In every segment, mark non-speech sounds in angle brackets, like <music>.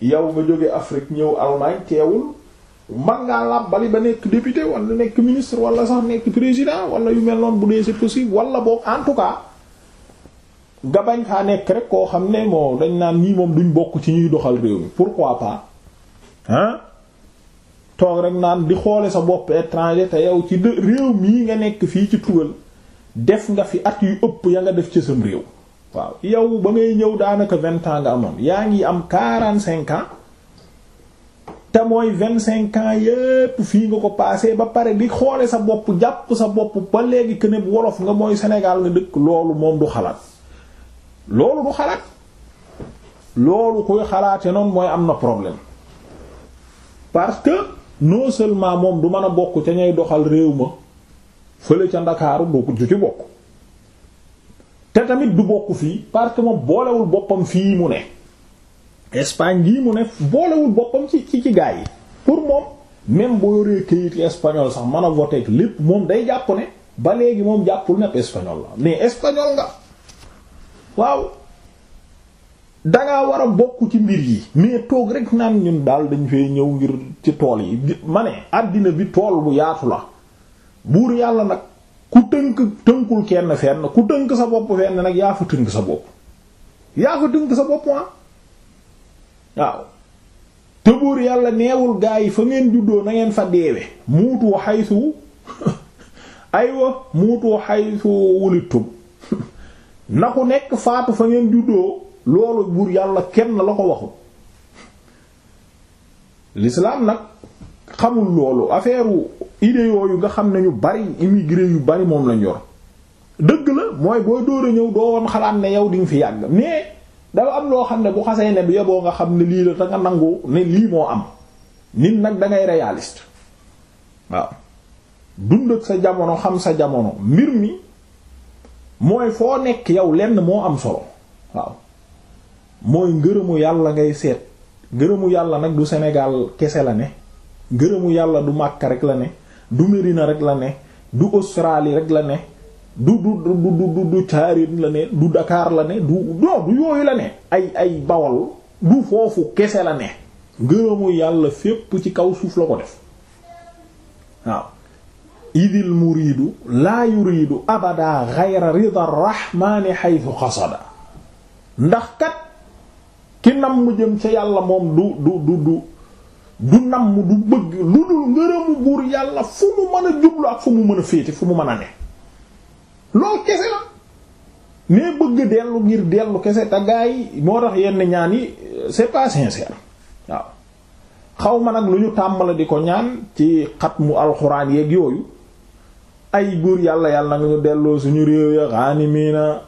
yow nga jóge Afrique ñëw Allemagne teewul man ngaa làbbali ba nekk député wala nekk ministre wala sax nekk président wala yu mel noonu bu dee c'est possible wala boog en tout cas nga bañ faa koo xam ne moo dañ naan ñii moom duñ bokk ci ñuy doxal réew mi pourquoi pas hein toog rek naan di xoole sa bopp étranger te yow ci réew mii nga nekk fii ci tugal def nga fi at yu ëpp ya nga def ci sam réew waaw yow ba ngay ñëw daanaka vingt ans nga amoon yaa ngi am quarante cinq ans te mooy vingt cinq ans yépp fii nga ko passé ba pare di xoole sa bopp jàpp sa bopp ba léegi que wolof nga mooy Sénégal nga dëkk loolu moom du xalaat loolu du xalaat loolu kuy xalaate noonu mooy am na problème parce que non seulement moom du mën a bokk ca ñay doxal réew ma fële ca Ndakaaru du ci bokk te tamit du bokk fii parce que moom boolewul boppam fii mu ne Espagne gii mu ne boolewul boppam ci ci gaa yi pour moom même boo yoree kayit espagnol sax mën a ak lépp moom day jàpp ne ba léegi moom jàppul nepp espagnol la mais espagnol nga waaw dangaa wara bokk ci mbir yi mais toog rekk naan ñun daal dañ fee ñëw ngir ci tool yi ma ne àddina bi tool bu yaatu la buur yàlla nag ku tënk tënkul kenn fenn ku tënk sa bopp fenn nag yaa fa tënk sa bopp yaa fa tënk sa bopp ah waaw te buur yàlla neewul gaa yi fa ngeen juddoo na ngeen fa deewe muutu xaysu <laughs> aywa muutu xaysu wulittum <laughs> na ku nekk faatu fa ngeen juddoo loolu buur yàlla kenn la ko waxul lislaam nag xamul loolu affaire idée yu nga xam nañu bari immigré yu bari moom lañ yor dëgg la mooy boo dóor a ñëw doo woon xalaat ne yow di nga fi yàgg mais dafa am loo xam ne bu xasee ne bi yoboo nga xam ne lii la da nga nangu ne lii moo am nit nag dangay ngay réaliste waaw dund sa jamono xam sa jamono mbir mi mooy foo nekk yow lenn moo am solo waaw mooy ngërëmu yàlla ngay seet ngërëmu yàlla nag du senegal kese la ne ngërëmu yàlla du Makka rek la ne du Medina rek la ne du Australie rek la ne du du du du du la ne du Dakar la ne du non du yooyu la ne ay ay Bawol du foofu kese la ne ngërëmu yàlla fépp ci kaw suuf la ko def waaw idil muriidu laa yuriidu abada xayra rida rahmaani xaytu xasada ndax kat ki nam mu jëm ca yàlla moom du du du du namm du bëgg lu dul ngërëmu buur yàlla fu mu mën a jublu ak fu mu mën a féete fu mu mën a ne loolu kese la mais bëgg dellu ngir dellu kese te gaa yi moo tax yenn ñaan yi c'est pas waaw xaw ma nag lu ñu tàmmala di ko ñaan ci xat mu alxuraan yeeg yooyu ay buur yàlla yàlla nga ñu delloo suñu réew ya ghanimina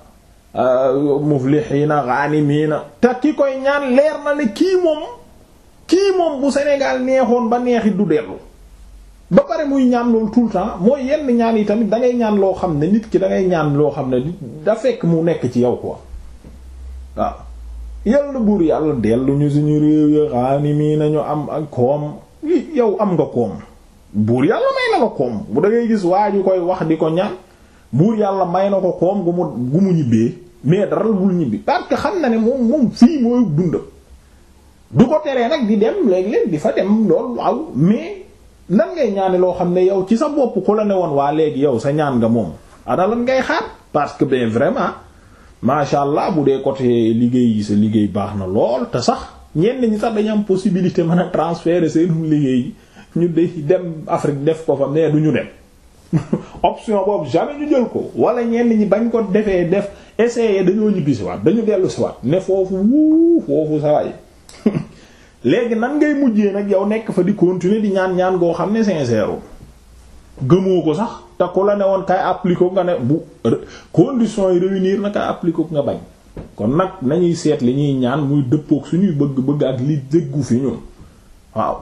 euh, muflihina ghanimina te ki koy ñaan leer na ne kii moom kii moom bu Sénégal neexoon ba neexi du dellu ba pare muy ñaan loolu tout mooy yenn ñaan yi tamit da ngay ñaan loo xam ne nit ki dangay ñaan loo xam ne da fekk mu nekk ci yow quoi waaw yàlla buur yàlla dellu ñu suñu réew ya xaani mii nañu am ak koom yow am nga koom buur yàlla may na ko koom bu da gis waa ji koy wax di ko ñaan buur yàlla may na ko koom gu mu gu mu ñibbee mais dara bul ñibbi parce que xam na ne moom moom fii mooy dund. du ko teree nag di dem léegi léeg di fa dem loolu waaw mais nan ngay ñaane loo xam ne yow ci sa bopp ku la ne woon waa léegi yow sa ñaan nga moom ana lan ngay xaar parce que ben vraiment macha allah bu dee côté liggéey yi sa liggéey baax na lool te sax ñenn ñi sax dañu possibilité man a transférer seen liggéey ñu de dem Afrique def ko fa mais du ñu dem <laughs> option boobu jamais ñu jël ko wala ñenn ñi bañ ko defee def essayer dañoo ñibbisiwaat dañu dellu siwaat ne foofu wuu foofu léegi nag ngay mujjee nag yow nekk fa di continuer di ñaan ñaan goo xam ne sincère gëmoo ko sax te ku la ne woon kay appliquer nga ne bu conditions yi réunir na kay appliquer ko nga bañ kon nag nañuy seet li ñuy ñaan muy dëppook suñuy bëgg-bëgg ak li déggu fi ñun waaw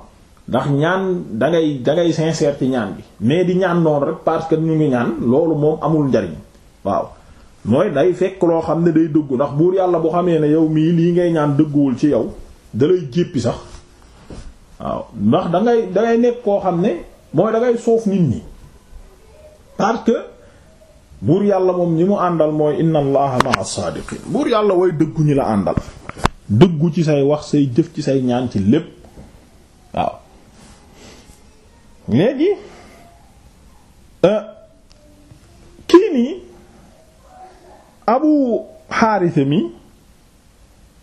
ndax ñaan dangay dangay sincère ci ñaan bi mais di ñaan noonu rek parce que ñu ngi ñaan loolu moom amul njariñ waaw mooy day fekk loo xam ne day dëggu ndax buur yàlla boo xamee ne yow mii lii ngay ñaan dëgguwul ci yow da lay jéppi sax waaw ndax da ngay nekk koo xam ne mooy da ngay soof nit ñi parce buur yàlla moom ñi mu àndal mooy inna allaha ma'a saadiqin buur yàlla woy dëggu ñi la àndal dëggu ci say wax say jëf ci say ñaan ci lépp waaw léegi euh, kii nii abu xaarise mi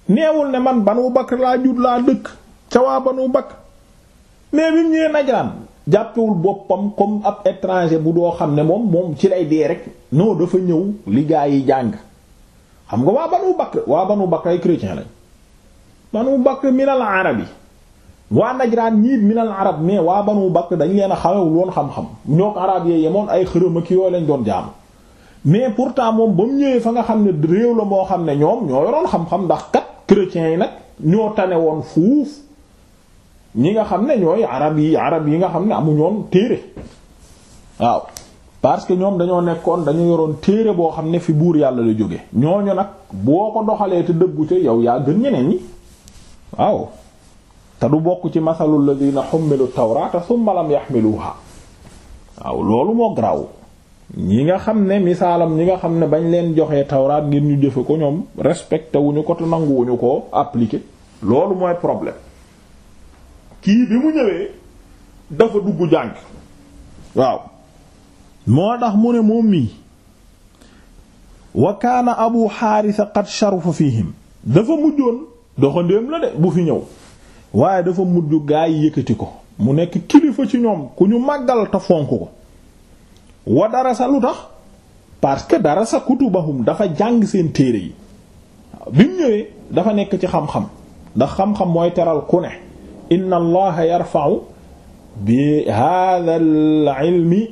neewul ne man ban Banu bakk laa jud laa dëkk ca waa Banu bakk mais bi mu ñëwee Najran jàppewul boppam comme ab étranger bu doo xam ne moom moom ci lay dee rek non dafa ñëw li yi jàng xam nga waa Banu bakk waa Banu Bakr ay chrétien lañ Banu Bakr minal arab yi waa Najran ñiit minal arab mais waa Banu bakk dañ leen a xamewul woon xam-xam ñoo ko arab yee yemoon ay xërëm ak yooyu lañ doon jaamu mais pourtant moom ba mu ñëwee fa nga xam ne réew la moo xam ne ñoom ñoo ndax chrétiens yi nag ñoo tane woon fuuf ñi nga xam ne ñooy arab yi arab yi nga xam ne amuñoon téere waaw parce que ñoom dañoo nekkoon dañu yoroon téere boo xam ne fi buur yàlla la jóge ñooñu nag boo ko doxalee te dëggu ci yow yaa gën ñeneen ñi waaw te du bokk ci masalul ladina hummilu tawrata thumma lam yahmiluha waaw loolu moo garaaw ñi nga xam ne misaalam ñi nga xam ne bañ leen joxee tawraat ngir ñu jëfe ko ñoom respecté wuñu ko te nanguwuñu ko appliquer loolu mooy problème kii bi mu ñëwee dafa dugg jàng waaw moo tax mu ne moom mii wa kaana abu xaarisa qad sharufa fihim dafa mujjoon doxandéem la de bu fi ñëw waaye dafa mujj gaa yi yëkkati ko mu nekk kilifa ci ñoom ku ñu màggal te fonk ko wa sa lu tax parce que dara darasa kutubahum dafa jàng seen téere yi bi mu ñëwee dafa nekk ci xam-xam ndax xam-xam mooy teral ku ne inna allaha yarfa'u bi hadha al-ilmi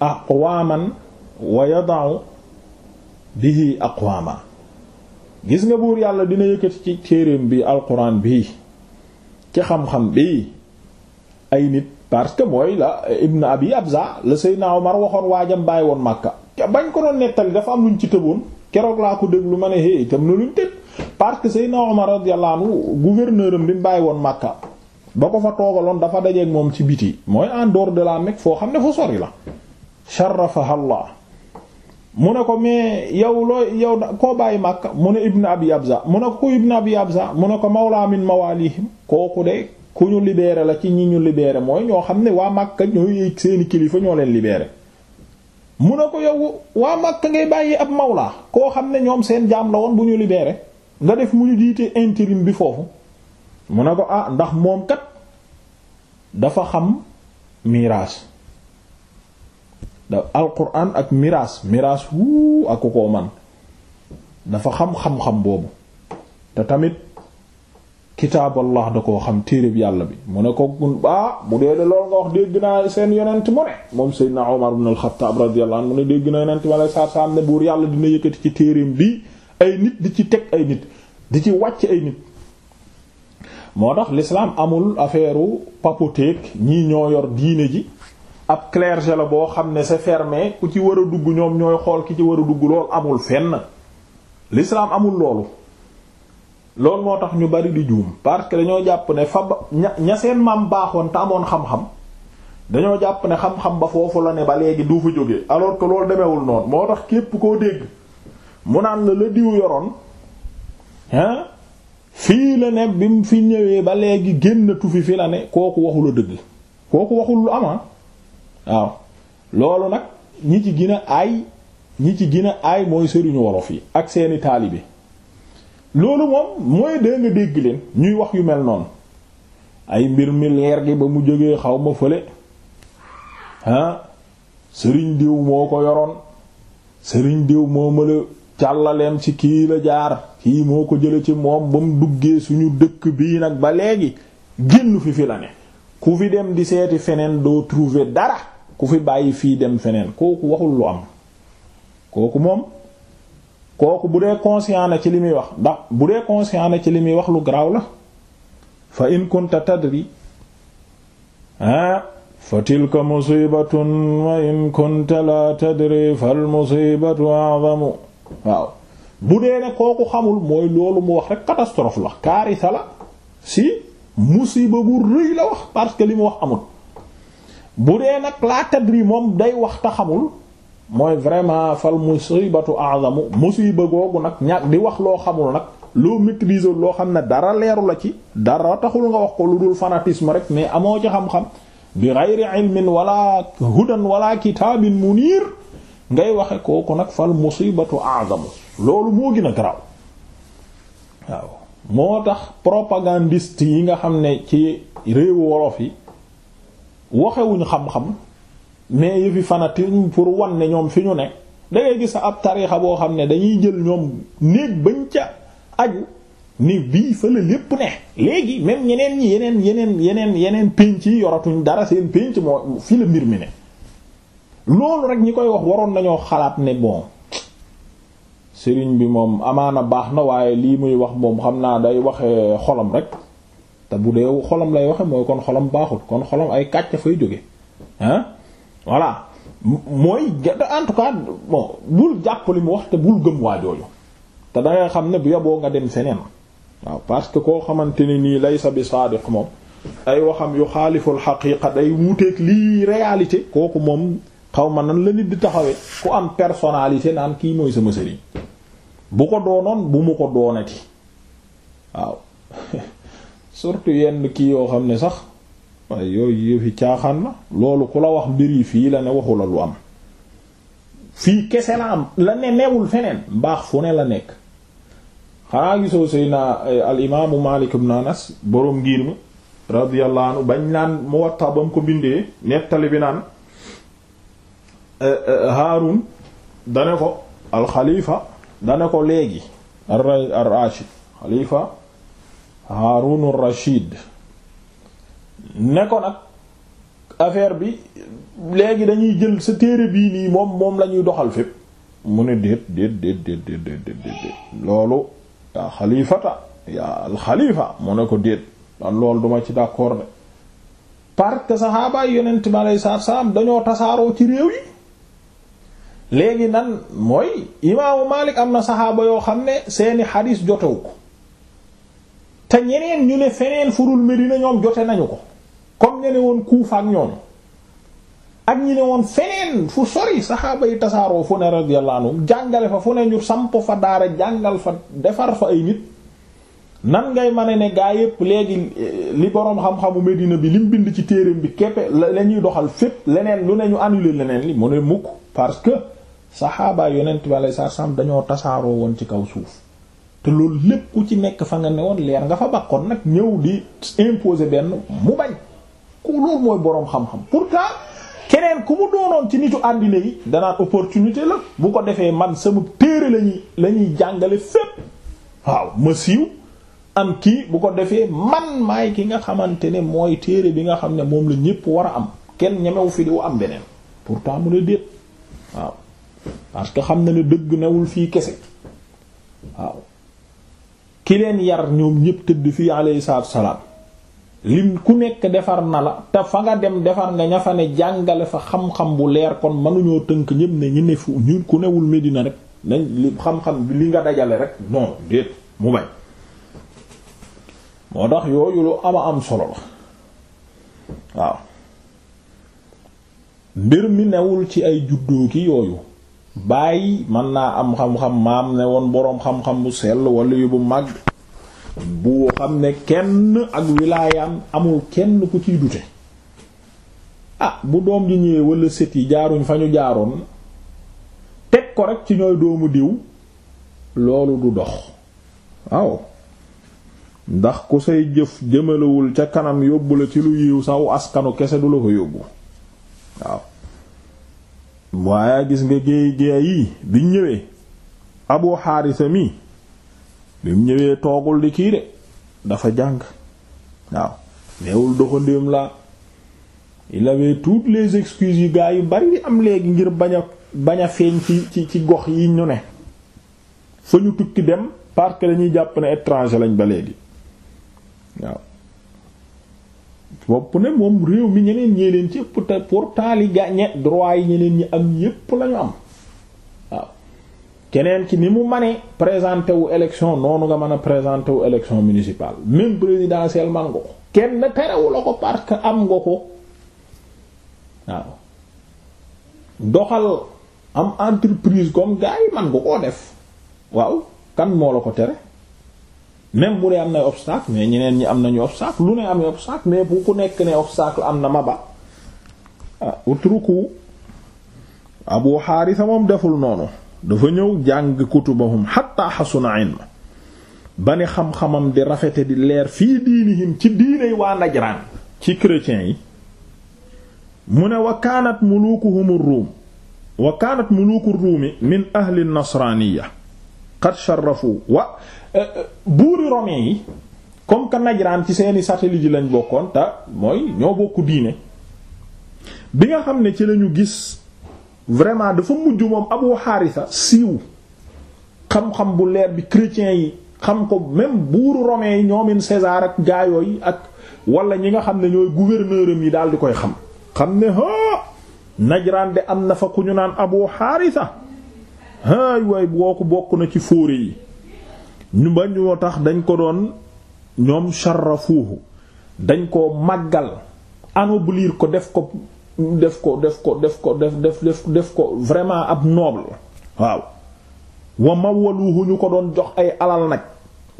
wa yada'u bihi aqwama gis nga buur yàlla dina yëkkati ci téereem bi alquran bii ci xam-xam bii ay nit parce que mooy la Ibn Abi Abza la Seydina Omar waxoon waajam bàyyi woon Makka bañ ko doon nettali dafa am luñ ci tëboon keroog laa ko déglu ma ne hey itam na luñ tëb parce que Seydina Omar radiyallahu anhu gouverneur am bi mu bàyyi woon Makka ba ko fa toogaloon dafa dajeeg moom ci biti mooy en dehors de la Mecque foo xam ne fa sori la. sharafaha Allah mu ne ko mais yow looy yow koo bàyyi Makka mu ne Ibn Abi Abza mu ne ko Ibn Abi Abza mu ne ko mawla min mawalihim kooku ku ñu libéré la ci ñi ñu libéré mooy ñoo xam ne waa Makka ñooy seeni kilifa ñoo leen libéré mu ne ko yow waa Makka ngay bàyyi ab mawla koo xam ne ñoom seen jaam la woon bu ñu libeere nga def mu ñu jiite intérim bi foofu mu ne ko ah ndax moom kat dafa xam miraas da alquran ak miraas miraas wuu ak ko man dafa xam xam-xam boobu te tamit kitaaballah da koo xam téereb yàlla bi mu ne ko gun ah bu dee de loolu nga wax dégg naa seen yonent mu ne moom Seydina Omar ibn al-Khattab radiyallahu anhu mu ne dégg na yonent ma lay saar saam ne buur yàlla dina yëkkati ci téereem bi ay nit di ci teg ay nit di ci wàcc ay nit moo tax l'islam amul affaire u papoteek ñii ñoo yor diine ji ab clergé la boo xam ne c'est fermé ku ci war a dugg ñoom ñooy xool ki ci war a dugg lool amul fenn lislaam amul loolu lool moo tax ñu bari di juum parce que dañoo jàpp ne fa ña seen maam baaxoon te amoon xam-xam dañoo jàpp ne xam-xam ba foofu la ne ba léegi du fa jógee alors que loolu demewul noonu moo tax képp koo dégg mu naan la la diw yoroon hein fii la ne bi mu fi ñëwee ba léegi génn tufi fi la ne kooku waxul a dëgg kooku waxul lu ama ah. waaw loolu nag ñi ci gën a aay ñi ci gën a aay mooy sëriñu wolof yi ak seeni taalibe loolu moom mooy dee nga dégg leen ñuy wax yu mel noonu ay mbir mi leer gi ba mu jógee xaw ma fële ah sëriñ diw moo ko yoroon sëriñ diw moo ma la càllaleem ci kii la jaar kii moo ko jële ci moom ba mu duggee suñu dëkk bii nag ba léegi génn fi fi la ne ku fi dem di seeti feneen doo trouver dara ku fi bàyyi fii dem feneen kooku waxul lu am kooku moom kooku bu dee conscient na ci li muy wax ndax bu dee conscient na ci li muy wax lu garaaw la fa in kunta tadri ah fa tilka musibatun wa in kunta la tadri fal musibatu a'zamu waaw bu dee kooku xamul mooy la kaarisa si musiba la wax parce que li mu wax amul bu dee nag laa tadri moom day wax ta xamul mooy vraiment fal musibatu a'zamu musiba googu nag ñàkk di wax loo xamul nag loo maîtriser loo xam ne dara leeru la ci dara taxul nga wax ko lu dul fanatisme rek mais amoo ci xam-xam bi ghayri ilmin wala hudan wala kitaabin munir ngay waxe kooku nag fal musibatu a'zamu loolu moo gën a garaaw moo tax propagandiste yi nga xam ne ci réewu wolof yi waxewuñ xam-xam mais yëfi fanati pour wan ne ñoom fi ñu ne dangay gis ab tariixa boo xam ne dañuy jël ñoom néeg bañ ca aju ni bii fële lépp ne léegi même ñeneen ñi yeneen yeneen yeneen yeneen pénc yi yoratuñ dara seen pénc moo fi la mbir mi ne loolu rek ñi koy wax waroon nañoo xalaat ne bon sëriñ bi moom amaana baax na waaye lii muy wax moom xam naa day waxe xolam rek te bu dee xolam lay waxe mooy kon xolam baaxul kon xolom ay kàcc fay jóge ah voilà mooy en tout cas bon bul jàpp li mu wax te bul gëm waa jooju te da nga xam ne bu yeboo nga dem seneen waaw parce que koo xamante ne nii laysa bi saadiq moom ay waxam yu xaaliful xaqiiqa day wuuteeg lii réalité kooku moom xaw ma nan la nit di taxawee ku am personnalité naan kii mooy sama sëriñ bu ko doonoon bu mu ko doonati waaw <laughs> surtout yenn kii yoo xam ne sax waaye yooyu yëfi caaxaan loolu ku la wax mbir yi fii la ne waxu la lu am fii kese la am la ne newul feneen mbaax fu ne la nekk xanaa gisoo Seydina eh, al imaamu Maalik ibn Anas boroom ngir mi radiyallahu anhu bañ naan Muwatta ba mu ko bindee nettali bi naan eh, eh, Haarun dane ko al xalifa dane ko léegi ar ar rashid Haarun ar rashid ne ko nag affaire bi léegi dañuy jël sa téere bii nii moom moom la ñuy doxal fépp mu ne déet déet déet déet déet déet loolu yaa xalifata yaa alxalifa mu ne ko déet man loolu duma ci d'accord ne parce que saxaabaay dañoo tasaaroo ci réew léegi nan mooy imaamu am na saxaaba yoo xam ne seeni xadiis jotewu ko te ñeneen ñu ne feneen furul Medina ñoom jote nañu ko nga ne woon Kuufa ak ñoom ne woon feneen fu sori saxaaba yi tasaaroo fu ne radiyallahu jàngale fa fu ne ñu fa daara jàngal fa defar fa ay nit nan ngay mën ne gaa yépp léegi eh, li boroom xam-xamu Medina bi lim bind ci téereem bi képp la ñuy doxal fépp leneen lu ne ñu annulé leneen li mu ne mukk parce que saxaaba yonent bi alayhi salaam dañoo tasaaroo woon ci kaw suuf te loolu lépp ku ci nekk fa nga ne woon leer nga fa bakkoon nag ñëw di imposer benn mu bañ ku loolu mooy boroom xam-xam pourtant keneen ku mu doonoon ci nitu àddina yi danaan opportunité la bu ko defee man sama téere lañuy jàngale fépp waaw ma siiw am kii bu ko defee man may ki nga xamante ne mooy téere bi nga xam ne moom la ñépp war a am kenn ñemewu fi di am beneen pourtant mu ne déet waaw parce que xam na ne dëgg newul fii kese waaw ki leen yar ñoom ñépp tëdd fii alayhi salaatu lim ku nekk defar na la te fa nga dem defar nga ña fa ne jàngale fa xam-xam bu leer kon mënuñoo tënk ñëpp ne ñu ne fu ñu ku newul Medina rek nañ li xam-xam li nga dajale rek non déet mu bañ moo tax yooyu lu ama am solo la waaw mbir mi newul ci ay juddoo ki yooyu bàyyi mën naa am xam-xam maam ne woon boroom xam-xam bu sell walla yu mag bu xam ne kenn ak wilaayam amul kenn ku ciy dute ah bu doom ji ñëwee wala sët yi jaaruñ fa ñu jaaroon teg ko rek ci ñooy doomu diw loolu du dox waaw ndax ku say jëf jëmalewul ca kanam yóbbu la ci lu yiw saw askanu kese du la ko yóbbu waaw waaye gis nga géey géey yi biñ ñëwee abu xaarisa mi bi ñëwee toogul di kii de dafa jàng waaw neewul doxandéem la il tout les excuses yu gaa yu bari am léegi ngir bañ a bañ a feeñ ci ci ci gox yi ñu ne fa ñu tukki dem parce que dañuy jàpp ne étranger lañ ba léegi waaw bopp ne moom réew mi ñeneen ñee leen ci pour taali gàññe droit yi ñeneen ñi am yépp lañu am keneen ki ni mu manee présenté wu élection noonu nga mën a présenté wu élection municipale même présidentielle man nga ko kenn terewu la ko parce que am nga ko waaw doxal am entreprise comme gars man nga koo def waaw kan moo la ko tere même bu dee am nay obstacle mais ñeneen ñi am nañu obstacle lu ne am na obstacle mais bu ku nekk ne obstacle am na ma ba ah utruku Abu Haarisa moom deful noonu dafa ñëw jàng kutubahum xatta xasuna ilma ba ni xam-xamam di rafete di leer fii diinihim ci diiney waa najraan ci chrétiens yi mu ne wa kaanat muluukuhum ruum wa kaanat muluuku ruumi min ahli nasraaniya qad sharafu wa eh, eh, buuri romain yi comme que najraan ci seeni satellite yi lañ bokkoon te mooy ñoo bokku diine bi nga xam ne ci lañu gis vraiment dafa mujj moom Abu xaarisa siiw xam-xam bu leer bi chrétiens yi xam ko même buuru romain yi ñoomin César ak gaayoo yi ak wala ñi nga xam ne ñooy gouverneur am yi daal di koy xam xam ne a Najraan de am na fa ku ñu naan Abu Haarisa ay waay boo ko bokk na ci fóore yi ñu ba ñoo tax dañ ko doon ñoom sharafuhu dañ ko màggal anoblir ko def ko def ko def ko def ko def def def def ko vraiment ab noble waaw wa mawwaluhu ñu ko doon jox ay alal nag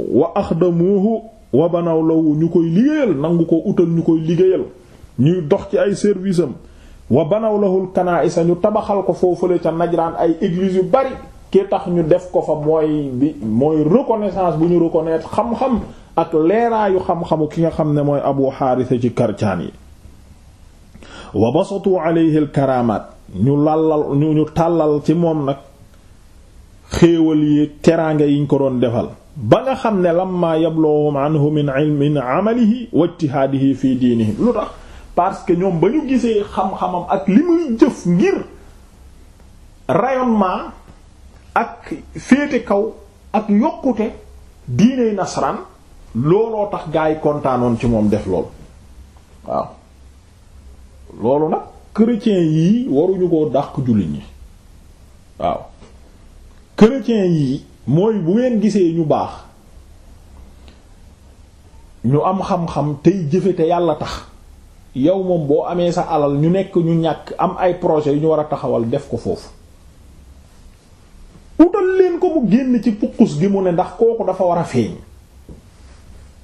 wa axdamuhu wa banaw lawu ñu koy liggéeyal nangu ko utal ñu koy liggéeyal ñuy dox ci ay service am wa banaw lahul kanaa'isa ñu tabaxal ko foofu foofule ca najraan ay églises yu bari ki tax ñu def ko fa mooy bi mooy reconnaissance bu ñu reconnaître xam-xam ak leeraayu xam-xamu ki nga xam ne mooy abu xaarisa ci karcaan yi wa basatu alayhi al karamaat ñu làllal ñu ñu tàllal ci moom nag xéewal yi teraanga yiñ ko doon defal ba nga xam ne lamma yabluhum anhu min ilmin amalihi wa ijtihaadihi fi diinihim lu tax parce que ñoom ba ñu gisee xam-xamam ak li muy jëf ngir rayonnement ak féete kaw ak yokkute diiney nasaraan looloo tax gaa yi kontaanoon ci moom def lool loolu nag chrétiens yii waruñu koo dàq jullit ñi waaw chrétiens yii mooy bu ngeen gisee ñu baax ñu am xam-xam tey jëfe te yàlla tax yow moom boo amee sa alal ñu nekk ñu ñàkk am ay projet yu ñu war a taxawal def ko foofu utal leen ko mu génn ci pukkus gi mu ne ndax kooku dafa war a feeñ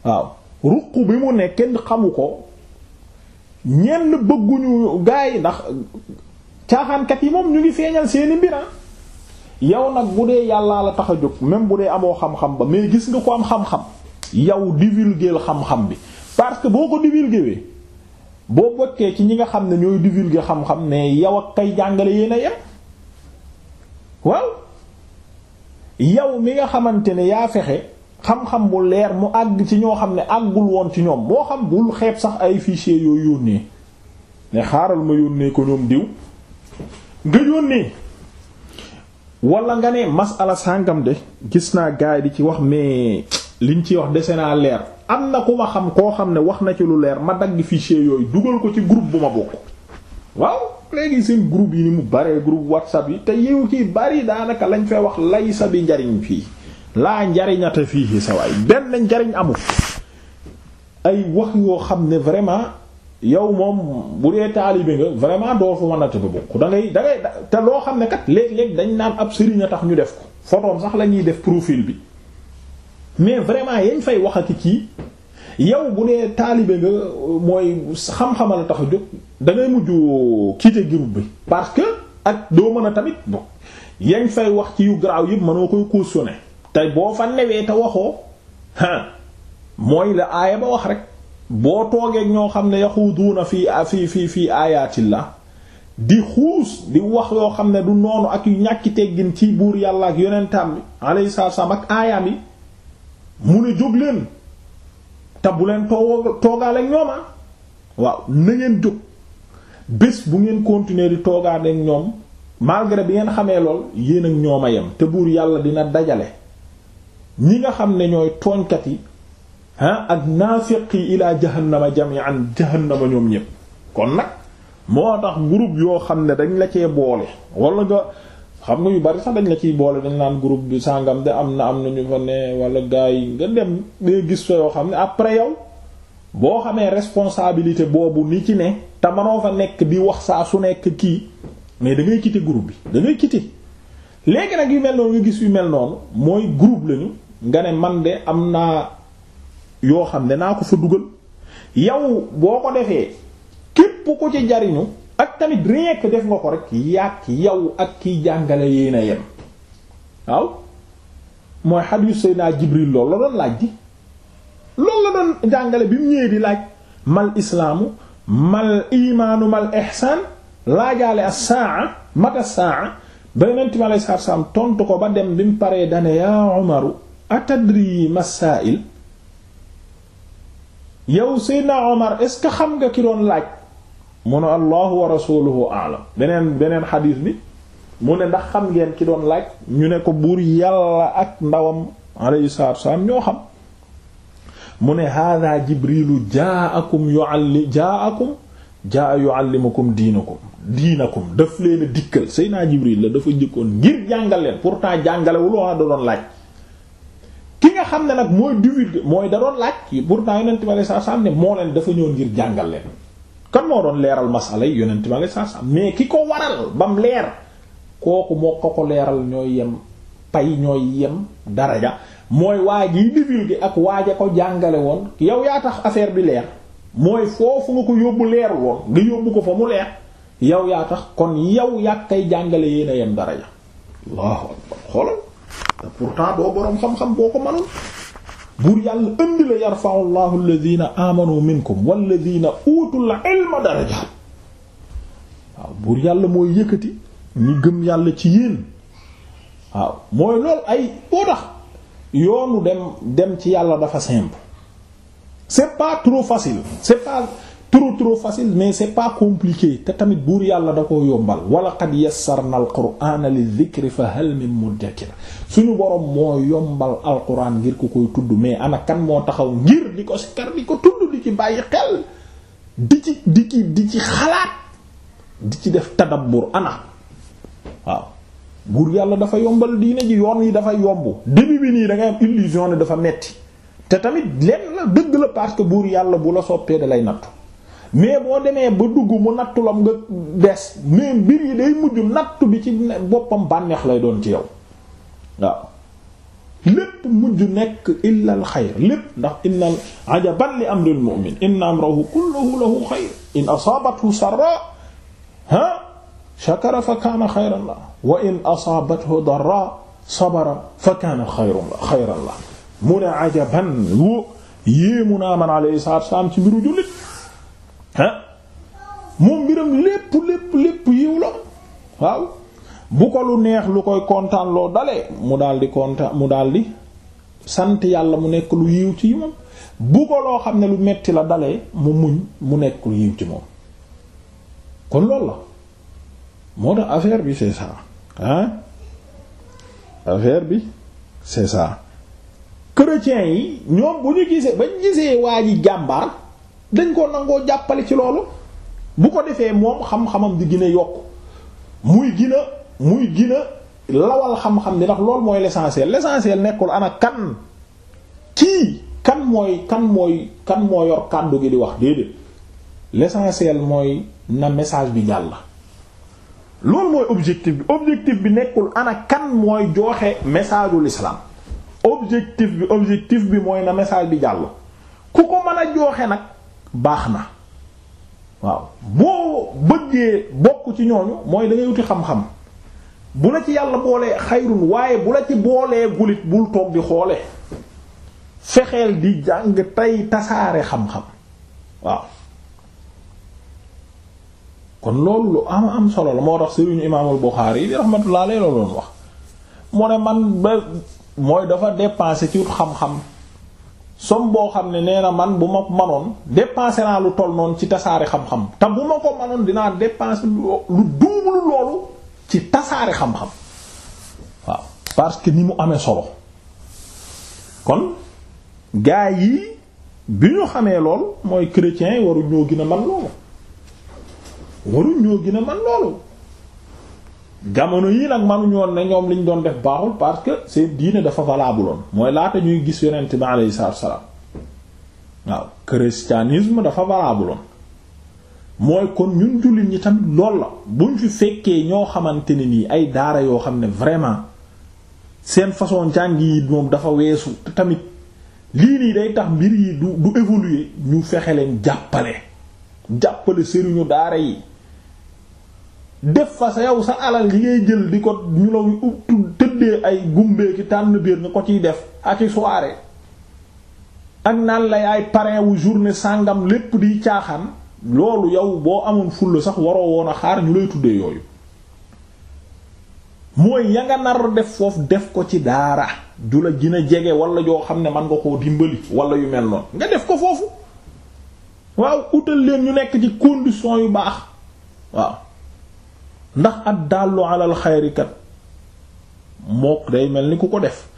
waaw ruq bi mu ne kenn xamu ko ñenn bëgguñu gaa yi ndax caaxaankat yi moom ñu ngi feeñal seeni mbir ah. yow nag bu dee yàllaa la tax a jóg même bu dee amoo xam-xam ba mais gis nga ko am xam-xam yow divulguer xam-xam bi parce que boo ko divulguer boo bokkee ci ñi nga xam ne ñooy divulguer xam-xam mais yow ak kay jàngale yéen a yem waaw yow mi nga xamante ne yaa fexe. xam-xam bu leer mu àgg ci ñoo xam ne àggul woon ci ñoom moo xam bul xeeb sax ay fichier yooyu yónnee ne xaaral ma yónnee ko ñoom diw nga yónnee wala nga ne masala sàngam de gis naa gaay bi ci wax mais liñ ci wax dese naa leer am na ku ma xam koo xam ne wax na ci lu leer ma dagg fichier yooyu dugal ko ci groupe bu ma bokk waaw léegi seen groupe yi ni mu baree groupe whatsapp yi te yiw kii bari daanaka lañ fee wax lay sa bi njariñ fii laa njariñata fii sa waay benn njariñ amul ay wax yoo xam ne vraiment yow moom bu dee taalibe nga vraiment doo fa mën a tëdd bokk da ngay te loo xam ne kat léeg-léeg dañ naan ab sëriñ a tax ñu def ko photoom sax la ñuy def profil bi mais vraiment yañ fay wax ak kii yow bu dee taalibe nga mooy xam-xamal a tax a jóg da ngay mujj quitter bi. parce que ak doo mën a tamit bon yañ fay wax ci yu garaaw yëpp mënoo koy cautionner. tey boo fa newee te waxoo ah mooy la aaya ba wax rek boo toogeeg ñoo xam ne na fii fii fii fii aayaatillah di xuus di wax yoo xam ne du noonu ak yu ñàkki teggin ci buur yàlla ak yonentam bi alayhi salaam ak aayaam yi mu ne jóg leen te bu leen too toogaaleeg ñooma ah. waaw na ngeen jóg bés bu ngeen continuer di toogaaleeg ñoom malgré bi ngeen xamee lool yéen ak ñooma yem te buur yàlla dina dajale ñi nga xam ne ñooy tooñkat yi ah ak naafiq yi ilaa jahannama jami'an jahannama ñoom ñépp kon nag moo tax groupe yoo xam ne dañ la cee boole wala nga xam nga yu bari sax dañ la ciy boole dañ naan groupe bi sàngam de am na am na ñu fa ne wala gars yi nga dem day gis fa yoo xam ne après yow boo xamee responsabilité boobu ni ci ne te manoo fa nekk di wax saa su nekk kii mais da ngay quitter groupe bi da ngay quitter léegi nag yu mel noonu nga gis yu mel noonu mooy groupe lañu nga ne man de am naa yoo xam ne naa ko fa dugal yow boo ko defee képp ko ci jariñu ak tamit rien def nga ko rek yàq yow ak kiy jàngale yéen a yem waaw mooy xadiis Seydina Jibril loolu la doon laaj di loolu la doon jàngale bi mu ñëwee di laaj mal islaamu mal imaanu mal ihsaan laajaale as-saa mata saa ba yonent bi salaam tontu ko ba dem bi mu paree dane yaa Umaru atadri masaa'il yow Seydina Omar est-ce que xam nga ki doon laaj mu ne allahu wa rasuluhu a'lam beneen beneen xadiis bi mu ne ndax xam ngeen ki doon laaj ñu ne ko buur yàlla ak ndawam alayhi salaatu wassalaam ñoo xam mu ne hada jibrilu ja'akum yu'alli ja'akum jaa yuallimukum diinakum diinakum daf leen a dikkal Seydina Jibril la dafa jëkkoon ngir jàngal leen pourtant jàngalewul woon da doon laaj ki nga xam ne nag mooy divulguer mooy da doon laaj pourtant yonent bi alayhi salaam ne moo leen dafa ñëw ngir jàngale leen kan moo doon leeral masala yi yonent bi alayhi salaam mais ki ko waral bam leer kooku moo ko ko leeral ñooy yem pay ñooy yem daraja mooy waaj yi divulguer ak a ko jàngale woon yow yaa tax affaire bi leer mooy foofu nga ko yóbbu leer woon nga yóbbu ko fa mu leer yow yaa tax kon yow yàgg kay jàngale yéen a yem dara ya allahu akbar xoolal te pourtant doo boroom xam-xam boo ko manoon buur yàlla indi la yarfa'u llahu alladhina amanu minkum walladhina buur yàlla mooy yëkkati ñu gëm yàlla ci yéen waaw mooy loolu ay boo tax yoonu dem dem ci yàlla dafa simple c'est pas trop facile c'est pas trop trop facile mais c'est pas compliqué te tamit buur yàlla da ko yombal wala qad yassarna al qur'ana li dhikri fa hal min moo yombal al qur'an ngir ku koy tudd mais ana moo taxaw ngir di ko sikar di ko tudd di ci bàyyi xel di ci di ci di ci xalaat di ci def tadabbur ana waaw buur yàlla dafa yombal diine ji yoon yi dafa yomb début bi nii da ngay am illusion ne dafa metti te tamit lenn dëgg la parce que buur yàlla bu la soppee da lay nattu mais boo demee ba dugg mu nattu lam nga des mais mbir yi day mujj nattu bi ci boppam bànneex lay doon ci yow lépp mujj nekk illa al lépp ndax inna ajaban li amril mu'min inna amrahu kulluhu lahu xayr in asaabathu sarra ha shakara fa kaana xayran la wa in asaabathu darra sabara fa kaana xayran la mu de ajaban woo yéemu naa man alayhi salaatu salaam ci mbiru jullit ah moom mbiram lépp lépp lépp yiw la waaw bu ko lu neex lu koy kontaanloo loo mu daal kontaan mu daldi sant yàlla mu nekk lu yiw ci moom bu ko loo xam ne lu metti la dale mu muñ mu nekk lu yiw ci moom kon loolu la moo tax affaire bi c'est ça hein affaire bi c'est ça chrétiens yi ñoom bu ñu gisee bañ gisee waa yi jàmbaar dañ ko nangoo jàppale ci loolu bu ko defee moom xam-xamam di gine yokk muy gina muy gën a lawal xam-xam bi ndax loolu mooy l'essentiel l'essentiel nekkul ana kan kii kan mooy kan mooy kan mooy yor kàddu gi di wax déedéet l'essentiel mooy na message bi jàll la loolu mooy objectif bi objectif bi nekkul ana kan mooy joxe message ul islam objectif bi objectif bi mooy na message bi jàll ku ko mën a jooxe nag baax na waaw boo bëggee bokk ci ñooñu mooy da ngay wuti xam-xam bu la ci yàlla boolee xayrun waaye bu la ci boolee gulit bul toog di xoole fexeel di jàng tey tasaare xam-xam waaw kon loolu lu am am solo la moo tax sëriñu imaamul Buxaari yi rahmatullah alayhi la wax mu ne man ba mooy dafa dépensé ci wut xam-xam som boo xam ne nee na man bu ma manoon dépensé naa lu toll noonu ci tasaare xam-xam te bu ma ko manoon dinaa dépensé lu duublu loolu ci tasaare xam-xam waaw parce que ni mu amee solo kon gaa yi bi ñu xamee lool mooy chrétiens yi waru ñoo gën a man loolu waru ñoo gën man loolu jamono yii nag manuñu woon ne ñoom liñ doon def baaxul parce que seen diine dafa valable mooy laata ñuy gis yonent bi alayhi salaatu salaam waaw christianisme dafa valable woon mooy kon ñun jullit ñi tamit lool la buñ fi fekkee ñoo xamante ne nii ay daara yoo xam ne vraiment seen façon jàng yi moom dafa weesu te tamit lii nii day tax mbir yi du du évoluer ñu fexe leen jàppale jàppale sëriñu daara yi. def fa sa yow sa alal yi ngay jël di ko ñu la tëddee ay gumbee tànn biir nga ko ciy def ak i soirée ak naan la yaay parrain wu journée sàngam lépp di caaxaan loolu yow boo amoon fulla sax waroo woon a xaar ñu lay tuddee yooyu mooy ya def foofu def ko ci daara jula la gën jege walla joo xam ne mën nga koo dimbali wala yu mel noonu nga def ko foofu waaw utal leen ñu nekk ci condition yu baax waaw ndax ad dàllu alal xayrikat mook day mel ni ku ko def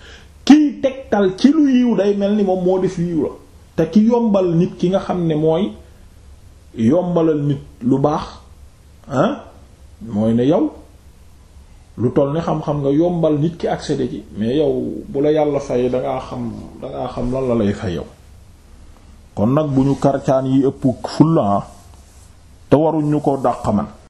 kiy tegtal ci lu yiw day mel ni moom moo def yiw la te ki yombal nit ki nga xam ne mooy yombalal nit lu baax ah mooy ne yow lu toll ni xam-xam nga yombal nit ki accéder ci mais yow bu la yàlla fay dangaa xam dangaa xam lan la lay fay yow kon nag bu ñu karcaan yi ëpp fulla te waruñ ñu ko dàq man